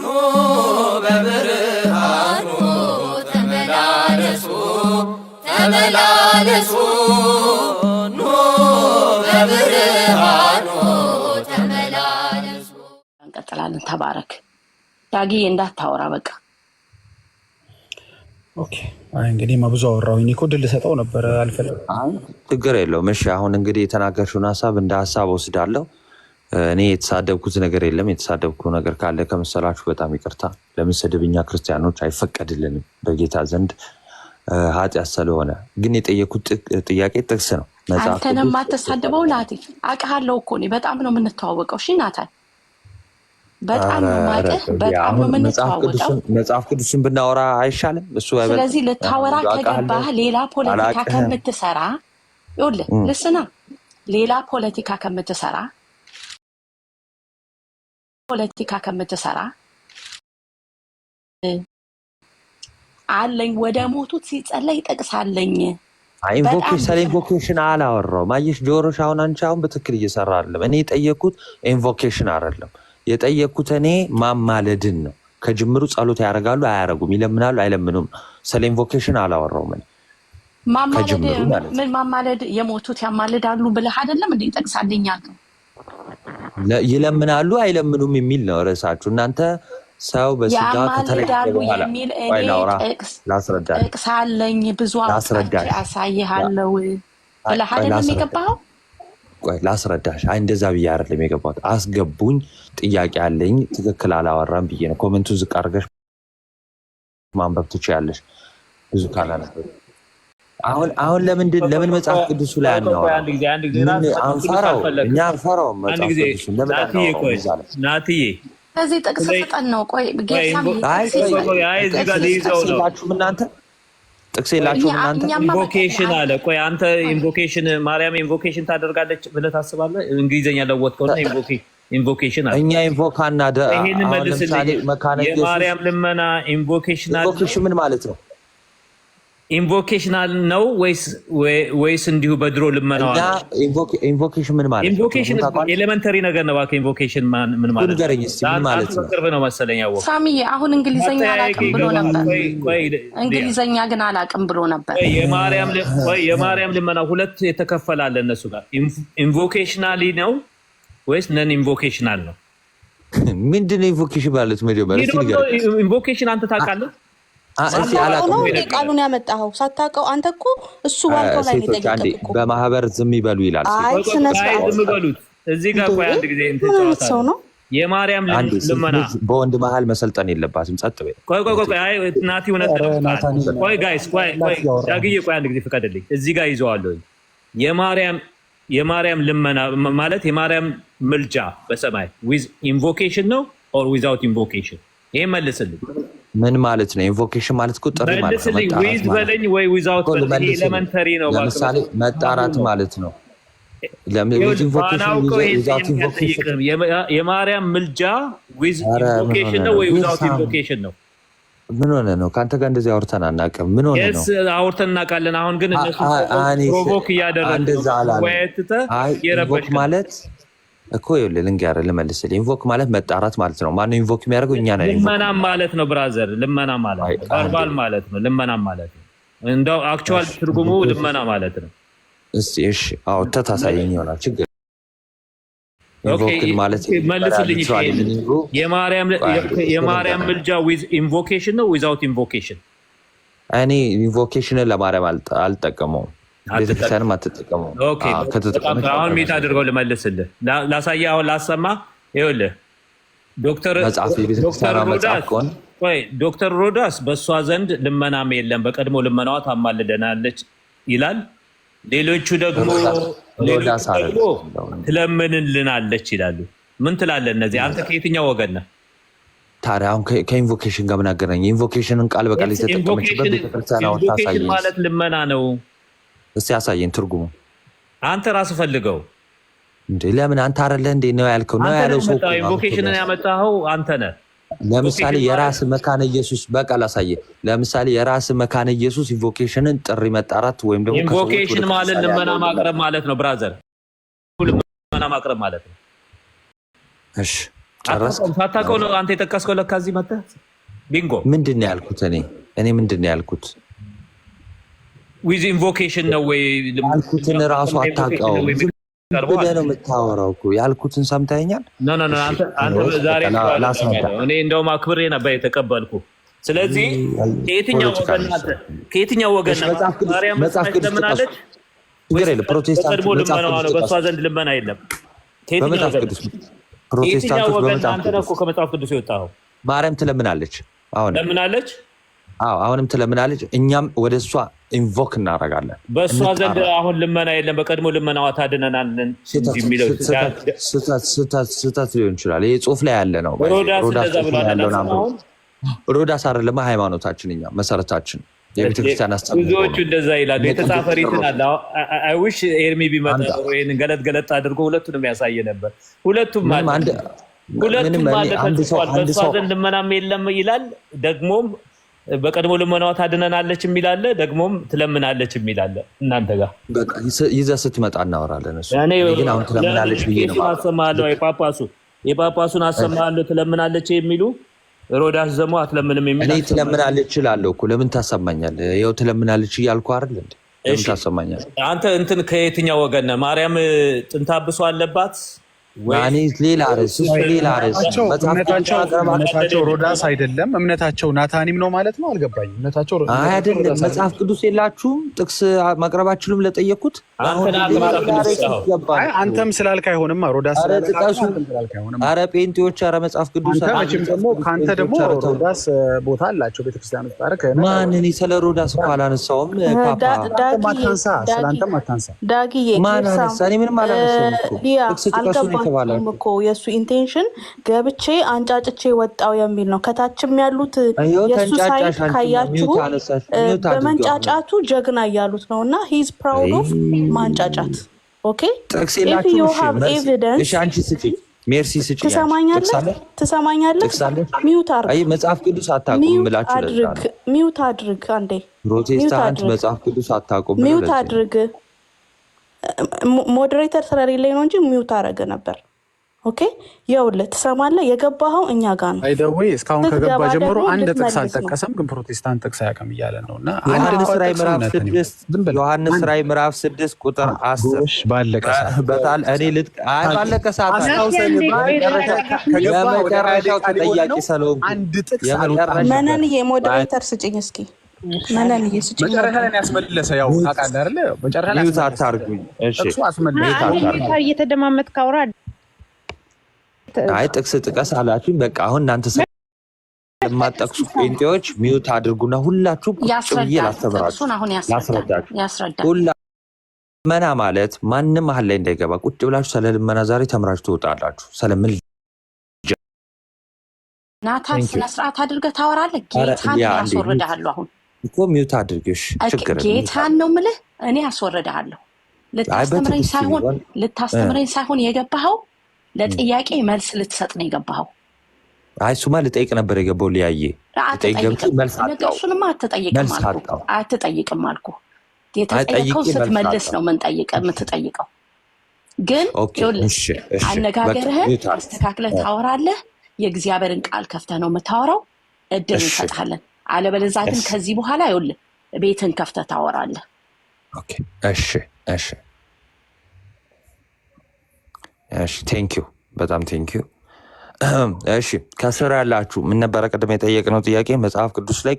ኑ በብርሃኑ ተመላለሱ ተመላለሱ ኑ በብርሃኑ ተመላለሱ። እንቀጥላለን። ተባረክ ዳጊ፣ እንዳታወራ በቃ ኦኬ እንግዲህ መብዙ አወራሁኝ። እኔ እኮ ድል ሰጠው ነበር አልፈለም። ችግር የለውም። እሺ አሁን እንግዲህ የተናገርሽውን ሀሳብ እንደ ሀሳብ ወስዳለሁ። እኔ የተሳደብኩት ነገር የለም። የተሳደብኩ ነገር ካለ ከመሰላችሁ በጣም ይቅርታ። ለምን ስድብ ክርስቲያኖች አይፈቀድልንም በጌታ ዘንድ ኃጢአት ስለሆነ። ግን የጠየኩት ጥያቄ ጥቅስ ነው። አንተንም አትሳደበው ናቲ፣ አቅሃለው እኮ እኔ በጣም ነው የምንተዋወቀው። እሺ ናታል፣ በጣም ነው መጽሐፍ ቅዱስን ብናወራ አይሻልም? እሱ ስለዚህ ልታወራ ከገባህ ሌላ ፖለቲካ ከምትሰራ ይኸውልህ፣ ልስና ሌላ ፖለቲካ ከምትሰራ ፖለቲካ ከምትሰራ አለኝ ወደ ሞቱት ሲጸለይ ይጠቅሳለኝ። ስለ ኢንቮኬሽን አላወራሁም። አየሽ ጆሮሽ፣ አሁን አንቺ አሁን በትክክል እየሰራ አይደለም። እኔ የጠየኩት ኢንቮኬሽን አይደለም። የጠየኩት እኔ ማማለድን ነው። ከጅምሩ ጸሎት ያደርጋሉ አያደርጉም፣ ይለምናሉ አይለምኑም። ስለ ኢንቮኬሽን አላወራሁም። ምን ማማለድ ምን ማማለድ? የሞቱት ያማልዳሉ ብለህ አይደለም እንዴ? ይጠቅሳልኝ ነው ይለምናሉ አይለምኑም የሚል ነው ርዕሳችሁ። እናንተ ሰው በስጋ ከተለያየ በኋላ አለኝ ብዙ አሳይሃለው ብለሃል የሚገባው ላስረዳሽ። አይ እንደዛ ብዬ አይደለም የገባሁት። አስገቡኝ፣ ጥያቄ አለኝ፣ ትክክል አላወራም ብዬ ነው። ኮመንቱን ዝቅ አድርገሽ ማንበብ ትችያለሽ ብዙ ካላነበብ አሁን አሁን ለምንድን ለምን መጽሐፍ ቅዱሱ ላይ አናወራም? እኛ አንፈራውም መጽሐፍ ቅዱሱን ለምን ናትዬ? ከዚህ ጥቅስ ፍጠን ነው። ቆይ የላችሁም እናንተ ጥቅስ የላችሁም እናንተ። ኢንቮኬሽን አለ። ቆይ አንተ ኢንቮኬሽን ማርያም ኢንቮኬሽን ታደርጋለች ብለህ ታስባለህ? እንግሊዝኛ ለወጥ ኢንቮኬ ኢንቮኬሽን አለ። እኛ ኢንቮክ አናደ አሁን ለምሳሌ መካነ የማርያም ልመና ኢንቮኬሽን አለ። ኢንቮኬሽን ምን ማለት ነው? ኢንቮኬሽናል ነው ወይስ እንዲሁ በድሮ ልመና? ኢንቮኬሽን ምን ማለት ኢንቮኬሽን ኤሌመንተሪ ነገር ነው። እባክህ ኢንቮኬሽን ምን ማለት ነው? ቅርብ ነው መሰለኝ ያወቅሁት። ሳሚዬ አሁን እንግሊዘኛ አላቅም ብሎ ነበር። እንግሊዘኛ ግን አላቅም ብሎ ነበር። የማርያም ልመና ሁለት የተከፈላለ እነሱ ጋር ኢንቮኬሽናሊ ነው ወይስ ነን ኢንቮኬሽናል ነው? ምንድን ነው ኢንቮኬሽን ማለት? መጀመሪያ ኢንቮኬሽን አንተ ታውቃለህ? ቃሉን ያመጣኸው ሳታውቀው አንተ እኮ እሱ ዋልከው ላይ ነው። በማህበር ዝም ይበሉ ይላል። እዚህ ጋር ቆይ አንድ ጊዜ ሰው ነው የማርያም ልመና በወንድ መሀል መሰልጠን የለባትም። ጸጥ በይ። ቆይ ቆይ ቆይ ናቲ እውነት ቆይ ጋይስ ቆይ ቆይ ዳግዬ ቆይ አንድ ጊዜ ፍቀድልኝ። እዚህ ጋር የማርያም የማርያም ልመና ማለት የማርያም ምልጃ በሰማይ ዊዝ ኢንቮኬሽን ነው ኦር ዊዛውት ኢንቮኬሽን? ይሄን መልስልኝ። ምን ማለት ነው? ኢንቮኬሽን ማለት እኮ ጥሪ ማለት ለምሳሌ መጣራት ማለት ነው። የማርያም ምልጃ ዊዝ ኢንቮኬሽን ነው ወይ ዊዛውት ኢንቮኬሽን ነው? ምን ሆነ ነው? ከአንተ ጋር እንደዚህ አውርተን አናውቅም። ምን ሆነ ነው? አውርተን እናውቃለን። አሁን ግን እነሱ ፕሮቮክ እያደረግ ነው ማለት እኮ ይኸውልህ ልንገርህ ልመልስልህ። ኢንቮክ ማለት መጣራት ማለት ነው። ማነው ኢንቮክ የሚያደርገው? እኛ ነን። ልመና ማለት ነው ብራዘር፣ ልመና ማለት ነው። ቨርባል ማለት ነው። ልመና ማለት ነው። እንደው አክቹዋል ትርጉሙ ልመና ማለት ነው። እስቲ እሺ፣ አዎ ተታሳየኝ ይሆናል ችግር መልስልኝ። የማርያም ምልጃ ዊዝ ኢንቮኬሽን ነው ዊዛውት ኢንቮኬሽን? እኔ ኢንቮኬሽንን ለማርያም አልጠቀመውም ቤተክርስቲያንም አትጠቀመውም። አሁን ሜት አድርገው ልመልስልህ፣ ላሳየህ፣ አሁን ላሰማ። ይኸውልህ ዶክተር ዶክተር ሮዳስ በእሷ ዘንድ ልመናም የለም በቀድሞ ልመናዋ ታማልደናለች ይላል። ሌሎቹ ደግሞ ትለምንልናለች ይላሉ። ምን ትላለህ? እነዚህ አንተ ከየትኛው ወገን ነህ? ታዲያ አሁን ከኢንቮኬሽን ጋር ምን አገናኘ? ኢንቮኬሽንን ቃል በቃል የተጠቀመችበት ቤተክርስቲያን ማለት ልመና ነው። እስቲ ያሳየን ትርጉሙ። አንተ ራሱ ፈልገው እንዴ? ለምን አንተ አረለ እንዴ ነው ያልከው? ነው ያለው ሰው ኢንቮኬሽንን ያመጣኸው አንተ ነህ። ለምሳሌ የራስ መካነ ኢየሱስ በቃል አሳየ። ለምሳሌ የራስ መካነ ኢየሱስ ኢንቮኬሽንን ጥሪ መጣራት ወይም ደግሞ ኢንቮኬሽን ማለት ልመና ማቅረብ ማለት ነው። ብራዘር ልመና ማቅረብ ማለት ነው። እሺ ሳታውቀው ነው አንተ የጠቀስከው። ለካ እዚህ መጣ ቢንጎ። ምንድን ነው ያልኩት እኔ እኔ ምንድን ነው ያልኩት? ዊዝ ኢንቮኬሽን ነው ወይ ያልኩትን ራሱ አታውቀውም። ብለህ ነው የምታወራው እኮ ያልኩትን ሰምተኸኛል። እኔ እንደውም አክብሬ ነበር የተቀበልኩ። ስለዚህ ከየትኛው ወገን መጽሐፍ ቅዱስ ትምናለች? ልመና ነው፣ በእሷ ዘንድ ልመና የለም። ከየትኛው ወገን አንተ ነህ እኮ ከመጽሐፍ ቅዱስ የወጣው ማርያም ትለምናለች፣ ለምናለች። አሁንም ትለምናለች። እኛም ወደ እሷ ኢንቮክ እናደርጋለን። በእሷ ዘንድ አሁን ልመና የለም። በቀድሞ ልመናዋ ታድነናለን ስህተት ሊሆን ይችላል። ይሄ ጽሁፍ ላይ ያለ ነው። ሮዳስ አይደለም ሃይማኖታችን፣ እኛ መሰረታችን የቤተክርስቲያን አስተምሮ ብዙዎቹ እንደዛ ይላሉ። የተጻፈ ሪትን አለ። አይውሽ ኤርሚ ቢመጣ ይህን ገለጥ ገለጥ አድርጎ ሁለቱንም ያሳየ ነበር። ሁለቱም አለ፣ ሁለቱም አለ ተጽፏል። በእሷ ዘንድ ልመናም የለም ይላል ደግሞም በቀድሞ ልመናዋ ታድነናለች የሚላለ ደግሞም ትለምናለች የሚላለ እናንተ ጋር ይዘህ ስትመጣ እናወራለን። አሰማለሁ የጳጳሱ የጳጳሱን አሰማለሁ ትለምናለች የሚሉ ሮዳስ ዘሞ አትለምንም የሚ እኔ ትለምናለች እላለሁ እኮ ለምን ታሰማኛለህ? ይኸው ትለምናለች እያልኩ አይደል እንዴ? ለምን ታሰማኛለህ? አንተ እንትን ከየትኛው ወገን ነህ? ማርያም ጥንታብሶ አለባት ሌላ ርዕስ ሌላ ርዕስ እምነታቸው ሮዳስ አይደለም እምነታቸው ናታኒም ነው ማለት ነው። አልገባኝ እምነታቸው አይደለም መጽሐፍ ቅዱስ የላችሁም ጥቅስ ማቅረባችሁም ለጠየኩት አንተም ስላልክ አይሆንም። ሮዳስ አረ ጴንጤዎች፣ አረ መጽሐፍ ቅዱስ ከአንተ ደግሞ ሮዳስ ቦታ አላቸው ቤተክርስቲያን ውስጥ ማን? እኔ ስለ ሮዳስ እኮ አላነሳውም። ፓፓ ማን አነሳ? እኔ ምንም አላነሳውም። ጥቅስ ጥቀሱ እኮ የእሱ ኢንቴንሽን ገብቼ አንጫጭቼ ወጣው የሚል ነው። ከታችም ያሉት የእሱ ሳይድ ካያችሁ በመንጫጫቱ ጀግና እያሉት ነው። እና ሂዝ ፕራውድ ኦፍ ማንጫጫት። ኦኬ መጽሐፍ ቅዱስ አታውቁም ብላችሁ ሚውት አድርግ። አንዴ ፕሮቴስታንት መጽሐፍ ቅዱስ አታውቁም ሚውት አድርግ ሞዴሬተር ስለሌለኝ ነው እንጂ ሚውት አረገ ነበር። ኦኬ የውል ትሰማለህ? የገባኸው እኛ ጋ ነው። አይደወይ እስካሁን ከገባ ጀምሮ አንድ ጥቅስ አልጠቀሰም፣ ግን ፕሮቴስታንት ጥቅስ አያውቅም እያለ ነው። እና ዮሐንስ ራዕይ ምዕራፍ ስድስት ቁጥር አስር ባለቀ ሰዓት አንድ ጥቅስ መነን የሞዴሬተር ስጭኝ እስኪ አይ ጥቅስ ጥቀስ አላችሁኝ። በቃ አሁን እናንተ ስለማጠቅሱ ጴንጤዎች አድርጉና ሁላችሁ ቁጭ ብዬ ላስተምራችሁ፣ ላስረዳችሁ። ልመና ማለት ማንም መሀል ላይ እንዳይገባ ቁጭ ብላችሁ ስለ ልመና ዛሬ ተምራችሁ ትወጣላችሁ። ስለምን ናታን ስነስርዓት አድርገህ ታወራለህ። ጌታን ላስወርዳሃለሁ አሁን እኮ ሚውት አድርገሽ ችግር ጌታን ነው ምልህ። እኔ አስወረድሃለሁ። ልታስተምረኝ ሳይሆን ልታስተምረኝ ሳይሆን የገባኸው ለጥያቄ መልስ ልትሰጥ ነው የገባኸው። አይ ሱማ ልጠይቅ ነበር የገባው ሊያየ እሱንማ አትጠይቅም አልኩህ፣ አትጠይቅም አልኩህ። የተጠየቀው ስትመልስ ነው የምትጠይቀው። ግን አነጋገርህን አስተካክለህ ታወራለህ። የእግዚአብሔርን ቃል ከፍተህ ነው የምታወራው። እድል እንሰጥሃለን። አለበለዛ ግን ከዚህ በኋላ ይውል ቤትን ከፍተ ታወራለ። እሺ እሺ እሺ። ቴንኪዩ በጣም ቴንኪዩ። እሺ ከስር ያላችሁ ምን ነበረ ቅድም የጠየቅነው ጥያቄ መጽሐፍ ቅዱስ ላይ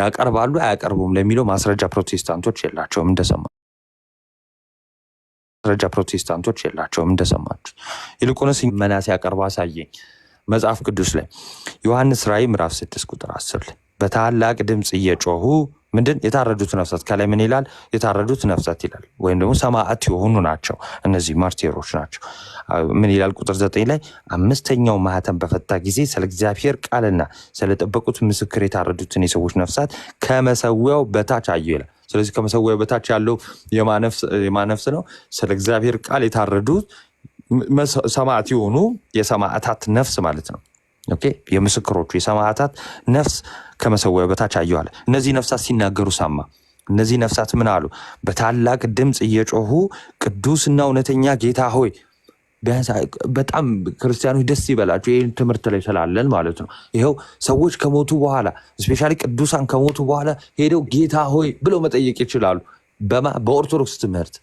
ያቀርባሉ አያቀርቡም ለሚለው ማስረጃ ፕሮቴስታንቶች የላቸውም እንደሰማ ማስረጃ ፕሮቴስታንቶች የላቸውም እንደሰማችሁ። ይልቁንስ መናሴ ያቀርቡ አሳየኝ መጽሐፍ ቅዱስ ላይ ዮሐንስ ራእይ ምዕራፍ ስድስት ቁጥር አስር ላይ በታላቅ ድምፅ እየጮሁ ምንድን የታረዱት ነፍሳት ከላይ ምን ይላል? የታረዱት ነፍሳት ይላል። ወይም ደግሞ ሰማዕት የሆኑ ናቸው እነዚህ ማርቴሮች ናቸው። ምን ይላል? ቁጥር ዘጠኝ ላይ አምስተኛው ማህተም በፈታ ጊዜ ስለ እግዚአብሔር ቃልና ስለጠበቁት ምስክር የታረዱትን የሰዎች ነፍሳት ከመሰዊያው በታች አዩ ይላል። ስለዚህ ከመሰዊያው በታች ያለው የማነፍስ ነው። ስለ እግዚአብሔር ቃል የታረዱት ሰማዕት የሆኑ የሰማዕታት ነፍስ ማለት ነው። ኦኬ የምስክሮቹ የሰማዕታት ነፍስ ከመሰዊያው በታች አየዋል። እነዚህ ነፍሳት ሲናገሩ ሰማ። እነዚህ ነፍሳት ምን አሉ? በታላቅ ድምፅ እየጮሁ ቅዱስና እውነተኛ ጌታ ሆይ በጣም ክርስቲያኖች ደስ ይበላቸው። ይህን ትምህርት ላይ ስላለን ማለት ነው። ይኸው ሰዎች ከሞቱ በኋላ እስፔሻሊ ቅዱሳን ከሞቱ በኋላ ሄደው ጌታ ሆይ ብለው መጠየቅ ይችላሉ። በኦርቶዶክስ ትምህርት፣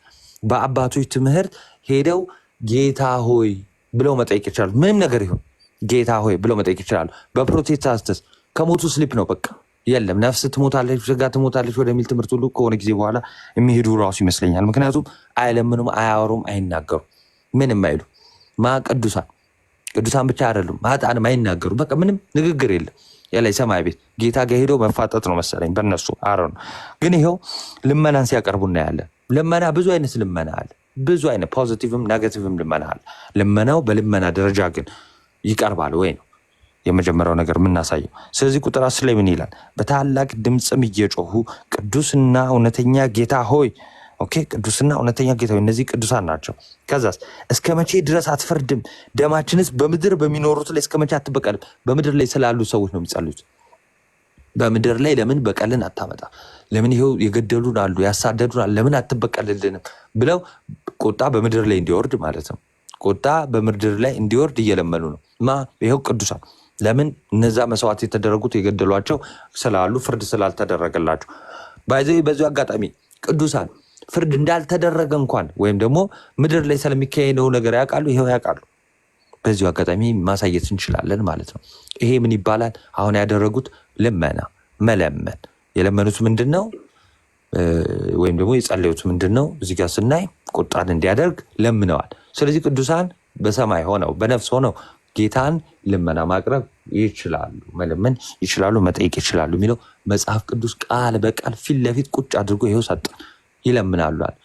በአባቶች ትምህርት ሄደው ጌታ ሆይ ብለው መጠየቅ ይችላሉ። ምንም ነገር ይሁን ጌታ ሆይ ብለው መጠየቅ ይችላሉ። በፕሮቴስታንትስ ከሞቱ ስሊፕ ነው በቃ የለም ነፍስ ትሞታለች፣ ስጋ ትሞታለች ወደሚል ትምህርት ሁሉ ከሆነ ጊዜ በኋላ የሚሄዱ ራሱ ይመስለኛል። ምክንያቱም አይለምኑም፣ አያወሩም፣ አይናገሩም፣ ምንም አይሉ ማ ቅዱሳን ቅዱሳን ብቻ አይደሉም ማጣንም አይናገሩም። በቃ ምንም ንግግር የለም። የላይ ሰማይ ቤት ጌታ ጋር መፋጠጥ ነው መሰለኝ በነሱ አረ ነው። ግን ይኸው ልመናን ሲያቀርቡ እናያለን። ልመና ብዙ አይነት ልመና አለ። ብዙ አይነት ፖዚቲቭም ኔጋቲቭም ልመናል። ልመናው በልመና ደረጃ ግን ይቀርባል ወይ ነው የመጀመሪያው ነገር የምናሳየው። ስለዚህ ቁጥር አስር ላይ ምን ይላል? በታላቅ ድምፅም እየጮሁ ቅዱስና እውነተኛ ጌታ ሆይ ኦኬ፣ ቅዱስና እውነተኛ ጌታ ሆይ። እነዚህ ቅዱሳን ናቸው። ከዛስ እስከ መቼ ድረስ አትፈርድም? ደማችንስ በምድር በሚኖሩት ላይ እስከ መቼ አትበቀልም? በምድር ላይ ስላሉ ሰዎች ነው የሚጸሉት። በምድር ላይ ለምን በቀልን አታመጣ? ለምን ይሄው የገደሉን አሉ ያሳደዱን አሉ ለምን አትበቀልልንም ብለው ቁጣ በምድር ላይ እንዲወርድ ማለት ነው። ቁጣ በምድር ላይ እንዲወርድ እየለመኑ ነው። ማ ይኸው ቅዱሳን ለምን እነዛ መስዋዕት የተደረጉት የገደሏቸው ስላሉ ፍርድ ስላልተደረገላቸው ባይዘ በዚ አጋጣሚ ቅዱሳን ፍርድ እንዳልተደረገ እንኳን ወይም ደግሞ ምድር ላይ ስለሚካሄደው ነገር ያውቃሉ። ይኸው ያውቃሉ። በዚሁ አጋጣሚ ማሳየት እንችላለን ማለት ነው። ይሄ ምን ይባላል? አሁን ያደረጉት ልመና መለመን የለመኑት ምንድን ነው? ወይም ደግሞ የጸለዩት ምንድን ነው? እዚህ ጋር ስናይ ቁጣን እንዲያደርግ ለምነዋል። ስለዚህ ቅዱሳን በሰማይ ሆነው በነፍስ ሆነው ጌታን ልመና ማቅረብ ይችላሉ፣ መለመን ይችላሉ፣ መጠየቅ ይችላሉ የሚለው መጽሐፍ ቅዱስ ቃል በቃል ፊት ለፊት ቁጭ አድርጎ ይኸው ሰጥ ይለምናሉል።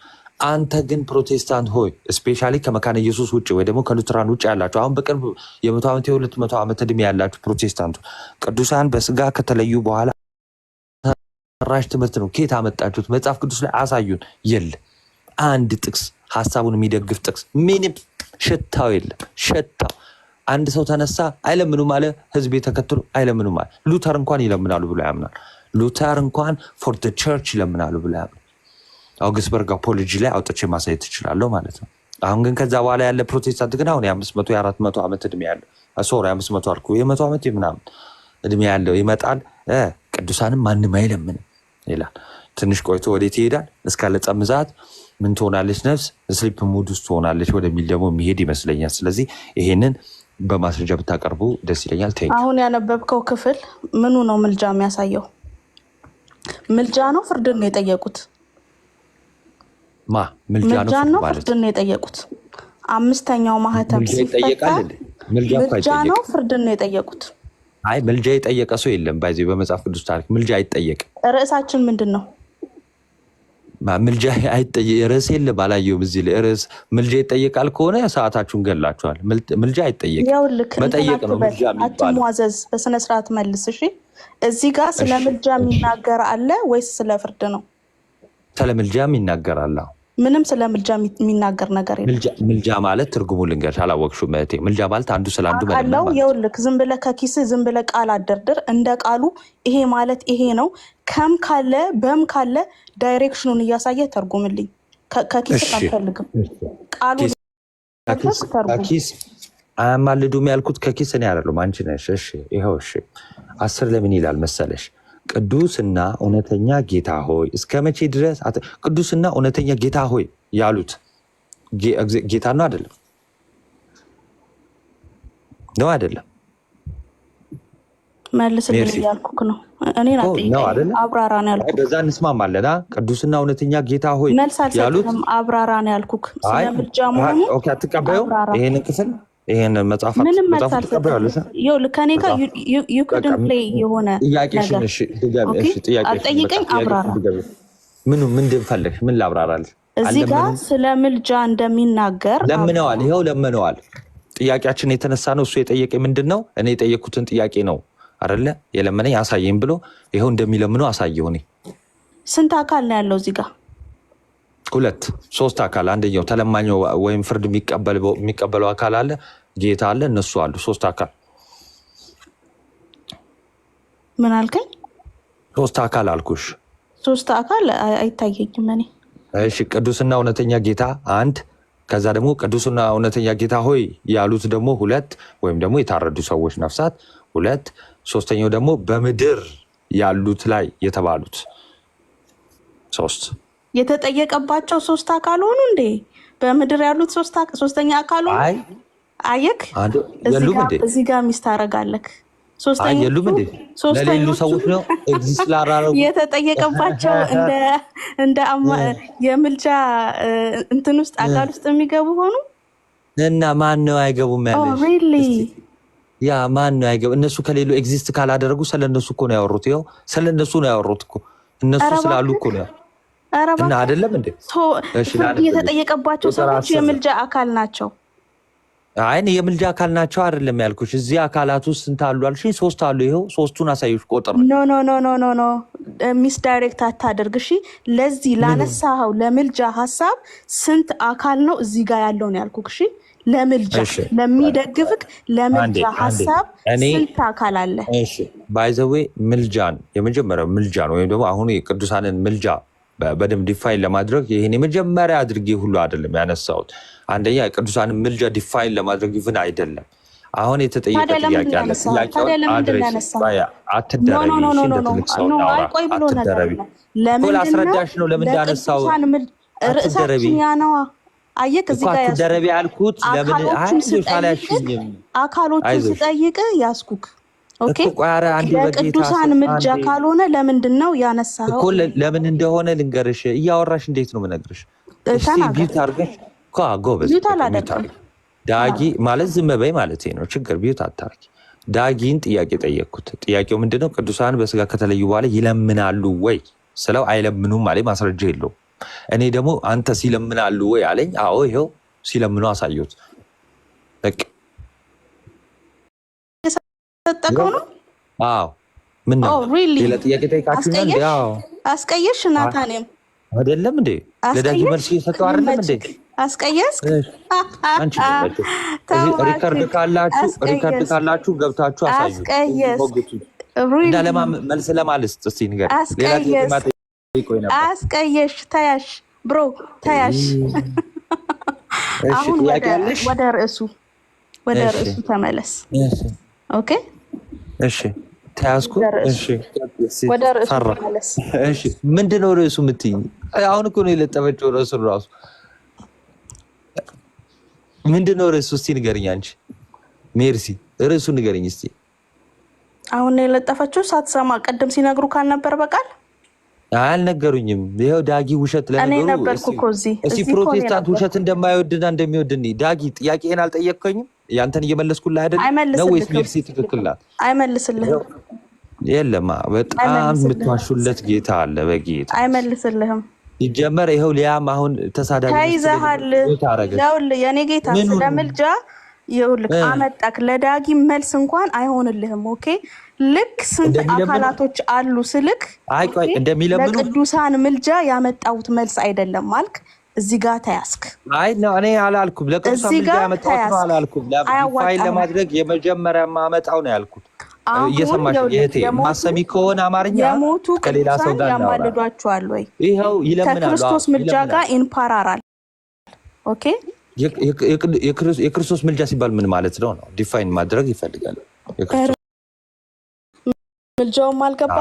አንተ ግን ፕሮቴስታንት ሆይ ስፔሻሊ ከመካነ ኢየሱስ ውጭ ወይ ደግሞ ከሉትራን ውጭ ያላችሁ አሁን በቅርብ የመቶ ዓመት የሁለት መቶ ዓመት እድሜ ያላችሁ ፕሮቴስታንቱ ቅዱሳን በስጋ ከተለዩ በኋላ ራሽ ትምህርት ነው። ኬት አመጣችሁት? መጽሐፍ ቅዱስ ላይ አሳዩን። የለ አንድ ጥቅስ ሀሳቡን የሚደግፍ ጥቅስ ምንም ሸታው የለም። ሸታው አንድ ሰው ተነሳ አይለምኑም አለ፣ ህዝቤ ተከትሎ አይለምኑም አለ። ሉተር እንኳን ይለምናሉ ብሎ ያምናል። ሉተር እንኳን ፎር ቸርች ይለምናሉ ብሎ ያምናል። አውግስበርግ አፖሎጂ ላይ አውጥቼ ማሳየት ትችላለሁ ማለት ነው። አሁን ግን ከዛ በኋላ ያለ ፕሮቴስታንት ግን አሁን የአምስት መቶ የአራት መቶ ዓመት እድሜ ያለው ሶሪ አምስት መቶ አልኩ የመቶ ዓመት ምናምን እድሜ ያለው ይመጣል። ቅዱሳንም ማንም አይለምንም ይላል። ትንሽ ቆይቶ ወዴት ይሄዳል? እስካለጸ ምዛት ምን ትሆናለች ነፍስ ስሊፕ ሙድ ውስጥ ትሆናለች ወደሚል ደግሞ የሚሄድ ይመስለኛል። ስለዚህ ይሄንን በማስረጃ ብታቀርቡ ደስ ይለኛል። አሁን ያነበብከው ክፍል ምኑ ነው ምልጃ የሚያሳየው? ምልጃ ነው ፍርድን ነው የጠየቁት። ማ ምልጃ ነው ፍርድን ነው የጠየቁት። አምስተኛው ማህተም ሲፈታ ምልጃ ነው ፍርድን ነው የጠየቁት። አይ ምልጃ የጠየቀ ሰው የለም። በዚህ በመጽሐፍ ቅዱስ ታሪክ ምልጃ አይጠየቅም። ርዕሳችን ምንድን ነው? ምልጃ ርዕስ የለም። አላየሁም። እዚህ ላይ ርዕስ ምልጃ ይጠየቃል ከሆነ ሰዓታችሁን ገላችኋል። ምልጃ አይጠየቅም። ይኸውልህ መጠየቅ ነው ምልጃ አትሟዘዝ፣ በስነስርዓት መልስ። እሺ፣ እዚህ ጋር ስለ ምልጃ የሚናገር አለ ወይስ ስለ ፍርድ ነው? ስለ ምልጃም ይናገራል። ምንም ስለ ምልጃ የሚናገር ነገር የለም። ምልጃ ማለት ትርጉሙ ልንገርሽ፣ አላወቅሽው መቴ። ምልጃ ማለት አንዱ ስለ አንዱ ለው የውልክ ዝም ብለ ከኪስ ዝም ብለ ቃል አደርድር። እንደ ቃሉ ይሄ ማለት ይሄ ነው። ከም ካለ በም ካለ ዳይሬክሽኑን እያሳየ ተርጉምልኝ። ከኪስ አልፈልግም ቃሉ ኪስ አያማልዱም ያልኩት ከኪስ እኔ አይደለሁም አንቺ ነሽ። እሺ ይኸው እሺ፣ አስር ለምን ይላል መሰለሽ ቅዱስና እውነተኛ ጌታ ሆይ እስከ መቼ ድረስ? ቅዱስና እውነተኛ ጌታ ሆይ ያሉት ጌታ ነው አይደለም? ነው አይደለም? መልስልኝ እያልኩህ ነው። በዛ እንስማማለና ቅዱስና እውነተኛ ጌታ ሆይ ያሉት አብራራ ነው ያልኩህ ስለምልጃ መሆኑ አትቀበዩም ይሄንን ክፍል ይሄን መጽሐፍ ምንም ከኔ ምኑ ምን ላብራራል? እዚህ ጋር ስለ ምልጃ እንደሚናገር ለምነዋል፣ ይኸው ለምነዋል። ጥያቄያችን የተነሳ ነው። እሱ የጠየቀ ምንድን ነው? እኔ ጥያቄ ነው አደለ? የለመነኝ አሳየኝ ብሎ ይኸው እንደሚለምነው አሳየው። እኔ ስንት አካል ነው ያለው እዚህ ጋር ሁለት ሶስት አካል አንደኛው ተለማኝ ወይም ፍርድ የሚቀበለው አካል አለ፣ ጌታ አለ፣ እነሱ አሉ። ሶስት አካል ምን አልከኝ? ሶስት አካል አልኩሽ። ሶስት አካል አይታየኝም እኔ። እሺ ቅዱስና እውነተኛ ጌታ አንድ፣ ከዛ ደግሞ ቅዱስና እውነተኛ ጌታ ሆይ ያሉት ደግሞ ሁለት፣ ወይም ደግሞ የታረዱ ሰዎች ነፍሳት ሁለት፣ ሶስተኛው ደግሞ በምድር ያሉት ላይ የተባሉት ሶስት የተጠየቀባቸው ሶስት አካል ሆኑ እንዴ? በምድር ያሉት ሶስተኛ አካል ሆኑ። አየክ እዚህ ጋር ሚስት አረጋለክ የሉም ለሌሉ ሰዎች ነው ኤግዚስት ላራረጉ የተጠየቀባቸው እንደ የምልጃ እንትን ውስጥ አካል ውስጥ የሚገቡ ሆኑ እና ማን ነው አይገቡም ያለ ያ ማን ነው አይገቡ? እነሱ ከሌሉ ኤግዚስት ካላደረጉ ስለነሱ እኮ ነው ያወሩት። ይኸው ስለነሱ ነው ያወሩት እኮ እነሱ ስላሉ እኮ ነው እና አይደለም እንዴ ፍርድ የተጠየቀባቸው ሰዎች የምልጃ አካል ናቸው። አይን የምልጃ አካል ናቸው አይደለም ያልኩሽ። እዚህ አካላት ውስጥ ስንት አሉ አልሽ? ሶስት አሉ። ይኸው ሶስቱን አሳዮች ቁጥር ኖ ኖ ኖ ኖ ኖ ኖ ሚስ ዳይሬክት አታደርግ። እሺ፣ ለዚህ ላነሳኸው ለምልጃ ሀሳብ ስንት አካል ነው እዚህ ጋር ያለው ነው ያልኩህ። እሺ፣ ለምልጃ ለሚደግፍክ ለምልጃ ሀሳብ ስንት አካል አለ? ባይዘዌ ምልጃን የመጀመሪያው ምልጃን ወይም ደግሞ አሁን የቅዱሳንን ምልጃ በደንብ ዲፋይን ለማድረግ ይህን የመጀመሪያ አድርጌ ሁሉ አይደለም ያነሳሁት። አንደኛ ቅዱሳን ምልጃ ዲፋይን ለማድረግ ይፍን አይደለም። አሁን የተጠየቀ ጥያቄ አለ። አትደረቢ ነው ለምን ያነሳው ርዕሳችን ያልኩት ለምን አካሎቹን ስጠይቅ ያስኩክ ቅዱሳን ምልጃ ካልሆነ ለምንድን ነው ያነሳኸው? ለምን እንደሆነ ልንገርሽ። እያወራሽ እንዴት ነው የምነግርሽ? ቢዩት አድርገሽ ጎበዝ ዳጊ ማለት ዝም በይ ማለት ነው። ችግር ቢዩት አታርጊ። ዳጊን ጥያቄ ጠየቅኩት። ጥያቄው ምንድነው? ቅዱሳን በስጋ ከተለዩ በኋላ ይለምናሉ ወይ ስለው አይለምኑም አለኝ። ማስረጃ የለውም። እኔ ደግሞ አንተ ሲለምናሉ ወይ አለኝ። አዎ ይኸው ሲለምኑ አሳየሁት። ተጠቀው ነው። አዎ ምን ነው ሌላ ጥያቄ ጠይቃችሁ አስቀየሽ? ናታኔም አይደለም እንዴ ለዳጊ መልስ እየሰጠው አይደለም እንዴ? አስቀየስ ሪከርድ ካላችሁ ሪከርድ ካላችሁ ገብታችሁ አሳዩ። እንዳለማ መልስ ለማለስ እስቲ ንገር። አስቀየሽ ታያሽ ብሮ ታያሽ አሁን ወደ ርዕሱ ወደ ርዕሱ ተመለስ። ኦኬ እሺ ተያዝኩ። ወደ ርዕሱ ምንድን ነው ርዕሱ የምትይኝ? አሁን እኮ ነው የለጠፈችው ርዕሱን ራሱ ምንድን ነው ርዕሱ? እስቲ ንገርኝ አንቺ ሜርሲ፣ ርዕሱ ንገርኝ እስቲ። አሁን ነው የለጠፈችው ሳትሰማ፣ ቀደም ሲነግሩ ካልነበር በቃል አልነገሩኝም። ይኸው ዳጊ ውሸት ለነገሩ ፕሮቴስታንት ውሸት እንደማይወድና እንደሚወድ ዳጊ ጥያቄን አልጠየቅከኝም ያንተን እየመለስኩልህ አይደል? ነው ወይስ ሜርሲ ትክክል ናት? አይመልስልህም። የለማ በጣም የምትዋሹለት ጌታ አለ። በጌታ አይመልስልህም። ይጀመር ይኸው ሊያም አሁን ተሳዳቢ ተይዘሃል። ይኸውልህ የኔ ጌታ ስለምልጃ ይኸውልህ አመጣክ ለዳጊ መልስ እንኳን አይሆንልህም። ኦኬ ልክ ስንት አካላቶች አሉ ስልክ እንደሚለምኑ ለቅዱሳን ምልጃ ያመጣሁት መልስ አይደለም አልክ እዚህ ጋር ተያዝክ። አይ እኔ አላልኩም፣ ለቅዱሳን ያመጣሁት አላልኩም። ፋይል ለማድረግ የመጀመሪያ ማመጣው ነው ያልኩት። እየሰማሽ እህቴ፣ ማሰሚ ከሆነ አማርኛ ከሌላ ሰው ጋር ያማልዷቸዋል ወይ? ይኸው ይለምናሉ። ከክርስቶስ ምልጃ ጋር ኢንፓራራል። ኦኬ፣ የክርስቶስ ምልጃ ሲባል ምን ማለት ነው? ነው ዲፋይን ማድረግ ይፈልጋል። ምልጃውም አልገባ።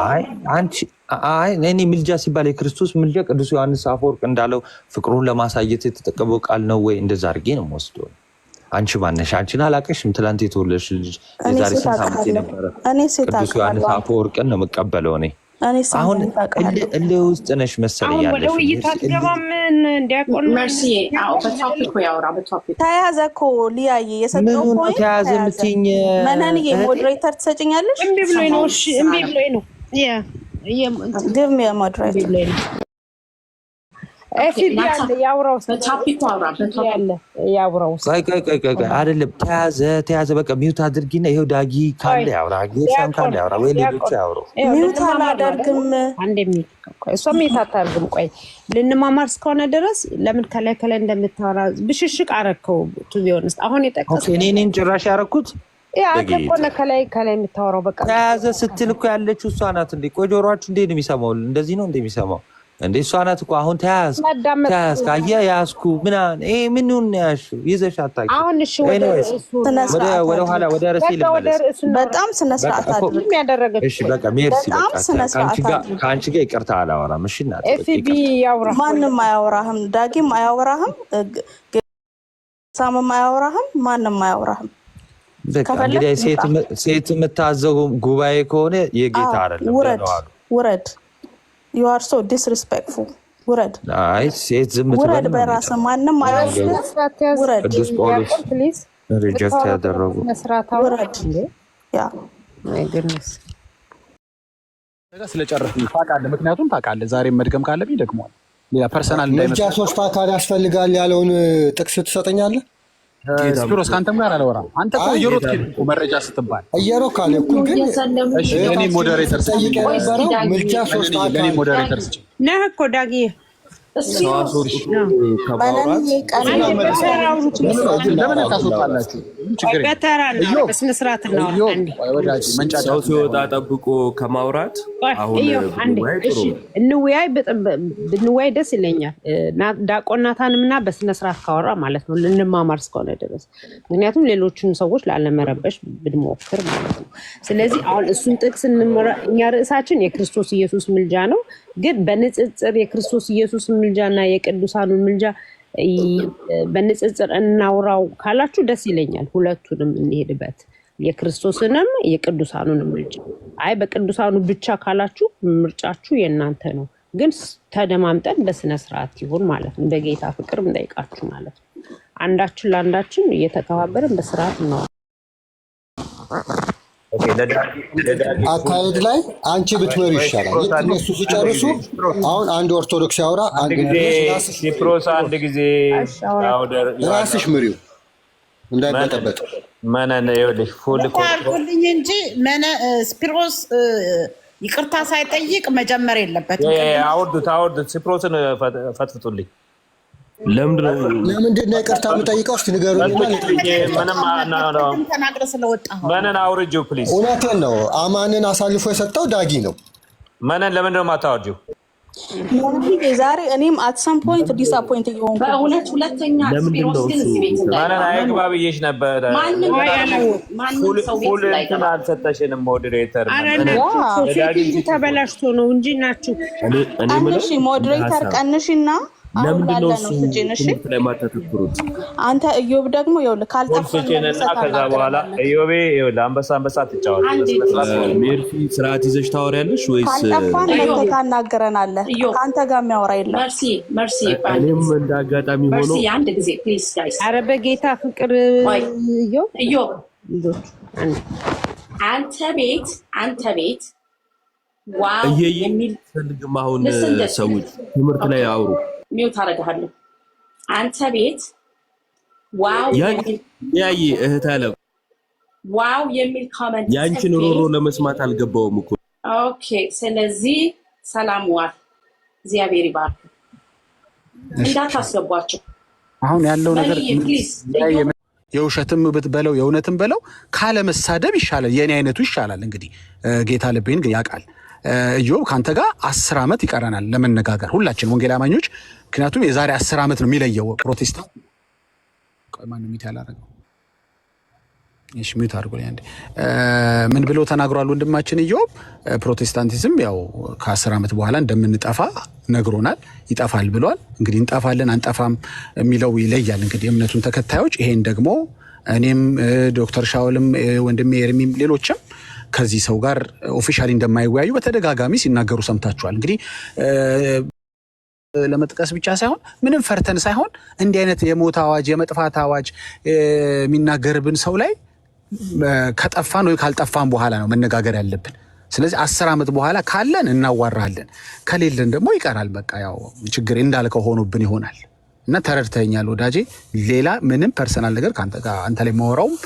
አይ እኔ ምልጃ ሲባል የክርስቶስ ምልጃ ቅዱስ ዮሐንስ አፈወርቅ እንዳለው ፍቅሩን ለማሳየት የተጠቀመው ቃል ነው ወይ? እንደዛ አድርጌ ነው የምወስደው። አንቺ ማነሽ? አንቺን አላቅሽም። ትላንት የተወለድሽ ልጅ የዛሬ ስንት ዓመት የነበረ ቅዱስ ዮሐንስ አፈወርቅን ነው የምቀበለው እኔ አሁን እልህ ውስጥ ነሽ መሰለኝ። ወደ ውይይት አትገባም። እንዲያቆን ተያዘ እኮ ሊያየ የሰጠው ተያዘ የምትይኝ መናንዬ ሞዴሬተር ትሰጭኛለሽ? እምቢ ብሎኝ ነው። እሺ እምቢ ብሎኝ ነው። ድም የሞዴሬተር አይደለም ተያዘ ተያዘ በቃ ሚውት አድርጊና ይኸው ዳጊ ካለ ያውራ ጌሳም ካለ ያውራ ወይ ሚውት አላደርግም አታደርግም ቆይ ልንማማር እስከሆነ ድረስ ለምን ከላይ ከላይ እንደምታወራ ብሽሽቅ አረከው አሁን የጠቀስ እኔ እኔን ጭራሽ ያረኩት ከላይ ከላይ የምታወራው በቃ ተያዘ ስትል እኮ ያለችው እሷ ናት እንዴ ቆይ ጆሮችሁ እንዴ ነው የሚሰማው እንደዚህ ነው የሚሰማው? እንዴ እሷ ናት እኮ አሁን ተያዝ ተያዝ ካየ ያዝኩ ምናምን ይሄ ምኑን ያሹ ይዘሽ አታቂ ወደ ወደ ኋላ ወደ ርዕሴ ልመለስ በጣም ስነ ስርዓት ከአንቺ ጋር ይቅርታ አላወራም እሺ እናት ማንም አያወራህም ዳጊም አያወራህም ሳምም አያወራህም ማንም አያወራህም እንግዲህ ሴት የምታዘው ጉባኤ ከሆነ የጌታ አይደለም ውረድ ውረድ ዩ አር ሶ ዲስሪስፔክትፉል። ውረድ። አይ ሴት ዝም ትበል በራስህ ማንም አይወስድም። ውረድ። ቅዱስ ጳውሎስ ሪጀክት ያደረጉ ውረድ። ያ ስለጨረስን ታውቃለህ፣ ምክንያቱም ታውቃለህ፣ ዛሬም መድገም ካለብኝ ደግሟል። ሌላ ፐርሰናል ምርጫ ሶስት አካል ያስፈልጋል ያለውን ጥቅስ ትሰጠኛለህ ኪሮስ ከአንተም ጋር አላወራም። አንተ እኮ እየሮጥክ መረጃ ስትባል እየሮጥክ አለ እኮ ግን እኔ ሞዴሬተር ስጠይቅ የነበረው ምልጃ ሶስት ነህ እኮ ዳግዬ ሰው ሲወጣ ጠብቆ ከማውራት እንወያይ፣ ደስ ይለኛል። ዳቆናታንምና በስነስርዓት ካወራ ማለት ነው ልንማማር እስከሆነ ድረስ ምክንያቱም ሌሎችን ሰዎች ላለመረበሽ ብንሞክር ማለት ነው። ስለዚህ አሁን እሱን ጥቅስ እኛ ርዕሳችን የክርስቶስ ኢየሱስ ምልጃ ነው። ግን በንጽጽር የክርስቶስ ኢየሱስ እና የቅዱሳኑን ምልጃ በንጽጽር እናውራው ካላችሁ ደስ ይለኛል። ሁለቱንም እንሄድበት የክርስቶስንም የቅዱሳኑን ምልጃ። አይ በቅዱሳኑ ብቻ ካላችሁ ምርጫችሁ የእናንተ ነው፣ ግን ተደማምጠን በስነ ስርዓት ይሁን ማለት ነው። በጌታ ፍቅር እንጠይቃችሁ ማለት ነው። አንዳችን ለአንዳችን እየተከባበርን በስርዓት እናወራ። አካሄድ ላይ አንቺ ብትመሩ ይሻላል። እነሱ ሲጨርሱ አሁን አንድ ኦርቶዶክስ ያውራ፣ ሲፕሮስ አንድ ጊዜ ራስሽ ምሪው እንዳይበጠበጥ። መነን ይኸውልሽ ፉል አልኩልኝ እንጂ መነ ስፒሮስ ይቅርታ ሳይጠይቅ መጀመር የለበትም። አውርዱት፣ አውርዱት፣ ሲፕሮስን ፈትፍጡልኝ። ለምንድን ነው ይቅርታ የምጠይቀው? እስኪ ንገሩኝ። መነን ፕሊዝ። እውነቴን ነው። አማንን አሳልፎ የሰጠው ዳጊ ነው። መነን ለምንድን ነው የማታወርጂው? ዛሬ እኔም አት ሰም ፖይንት ዲስአፖይንት እየሆንኩ በእውነት ሁለተኛ ነበረ። ሁል አልሰጠሽንም ሞዴሬተር ተበላሽቶ ነው እንጂ ናችሁ። ቀንሺ ሞዴሬተር ቀንሺ ለምንድን ነው እሱ ትምህርት ላይ ማታተኩሩት? አንተ እዮብ ደግሞ ይኸውልህ ካልጠፋና ከዛ በኋላ እዮቤ ይኸውልህ አንበሳ አንበሳ ትጫወታለህ። ሜርሲ ስርዓት ይዘሽ ታወሪያለሽ ወይስ ካልጠፋን አንተ ታናግረናለህ? ከአንተ ጋር የሚያወራ የለም። እኔም እንደ አጋጣሚ ሆኖ አንድ ጊዜ ፕሊዝ ጋይስ፣ ኧረ በጌታ ፍቅር እዮብ እዮብ አንተ ቤት አንተ ቤት ዋው የሚል ፈልግም አሁን ሰዎች ትምህርት ላይ አውሩ ሚውት አደርግሃለሁ። አንተ ቤት ዋው ያይ እህት አለ ዋው የሚል ኮመንት ያንቺን ሮሮ ለመስማት አልገባውም እኮ ኦኬ። ስለዚህ ሰላም ዋል፣ እግዚአብሔር ይባርክ። እንዳታስገቧቸው አሁን ያለው ነገር የውሸትም ብትበለው የእውነትም በለው ካለመሳደብ ይሻላል። የእኔ አይነቱ ይሻላል። እንግዲህ ጌታ ልቤን ያውቃል። እዮብ ከአንተ ጋር አስር ዓመት ይቀረናል ለመነጋገር። ሁላችን ወንጌል አማኞች ምክንያቱም የዛሬ አስር ዓመት ነው የሚለየው ፕሮቴስታንት ማነው ሚት ያላረገው? እሺ ሚት አድርጎ ምን ብሎ ተናግሯል? ወንድማችን እዮብ ፕሮቴስታንቲዝም ያው ከአስር ዓመት በኋላ እንደምንጠፋ ነግሮናል። ይጠፋል ብሏል። እንግዲህ እንጠፋለን አንጠፋም የሚለው ይለያል። እንግዲህ እምነቱን ተከታዮች ይሄን ደግሞ እኔም ዶክተር ሻውልም ወንድሜ ኤርሚም ሌሎችም ከዚህ ሰው ጋር ኦፊሻሊ እንደማይወያዩ በተደጋጋሚ ሲናገሩ ሰምታችኋል። እንግዲህ ለመጥቀስ ብቻ ሳይሆን ምንም ፈርተን ሳይሆን እንዲህ አይነት የሞት አዋጅ የመጥፋት አዋጅ የሚናገርብን ሰው ላይ ከጠፋን ወይ ካልጠፋን በኋላ ነው መነጋገር ያለብን። ስለዚህ አስር ዓመት በኋላ ካለን እናዋራለን፣ ከሌለን ደግሞ ይቀራል። በቃ ያው ችግር እንዳልከው ሆኖብን ይሆናል እና ተረድተኛል ወዳጄ። ሌላ ምንም ፐርሰናል ነገር ከአንተ ላይ ማወራውም